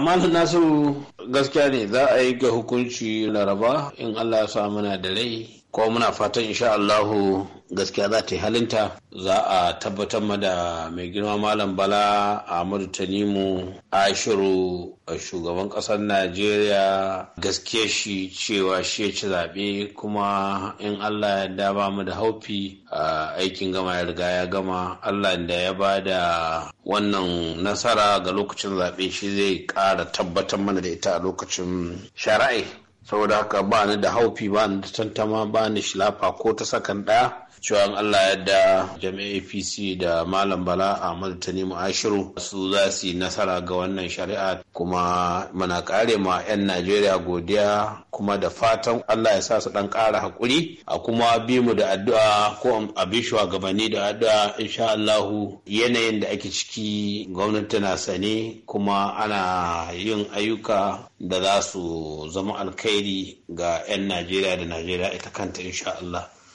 malam nasiru gaskiya ne za a yi ga hukunci laraba in allah ya sa muna da rai ko muna fatan insha allahu gaskiya za ta yi halinta za a tabbatar ma da mai girma malam bala ahmadu tanimu ashiru shugaban ƙasar najeriya gaskiya shi cewa shi ya ci zaɓe kuma in allah ya ba mu da haufi a aikin gama ya riga ya gama allah da ya ba da wannan nasara ga lokacin zaɓe shi zai ƙara tabbatar mana da ita a lokacin shara'i saboda haka ba ni da haufi ba ni da tantama ba ni shilafa ko ta sakan daya. cewa Allah yadda jami'a APC da Malam Bala Ahmad Tanimu Ashiru su za su yi nasara ga wannan shari'a kuma muna kare ma 'yan Najeriya godiya kuma da fatan Allah ya sa su dan kara hakuri. a kuma bi mu da addu'a ko a bi shugabanni da addu'a insha Allahu yanayin da ake ciki gwamnati tana sane kuma ana yin ayyuka da za su zama alkai alheri ga 'yan najeriya da najeriya ita kanta insha Allah